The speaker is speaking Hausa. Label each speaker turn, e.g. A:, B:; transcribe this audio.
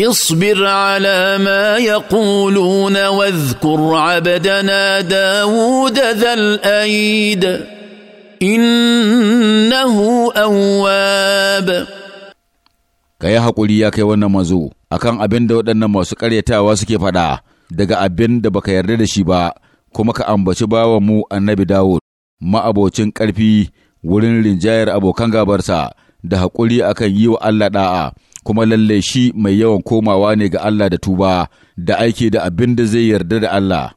A: اصبر على ما يقولون واذكر عبدنا داود ذا الايد انه اواب
B: ka yi haƙuri ya kai wannan mazo akan abin da waɗannan masu ƙaryatawa suke faɗa daga abinda da baka yarda da shi ba kuma ka ambaci bawa mu annabi Dawud ma'abocin ƙarfi wurin rinjayar abokan gabarsa da haƙuri akan yiwa wa Allah ɗa'a kuma lalle shi mai yawan komawa ne ga Allah da tuba da aiki da abin da zai yarda da Allah.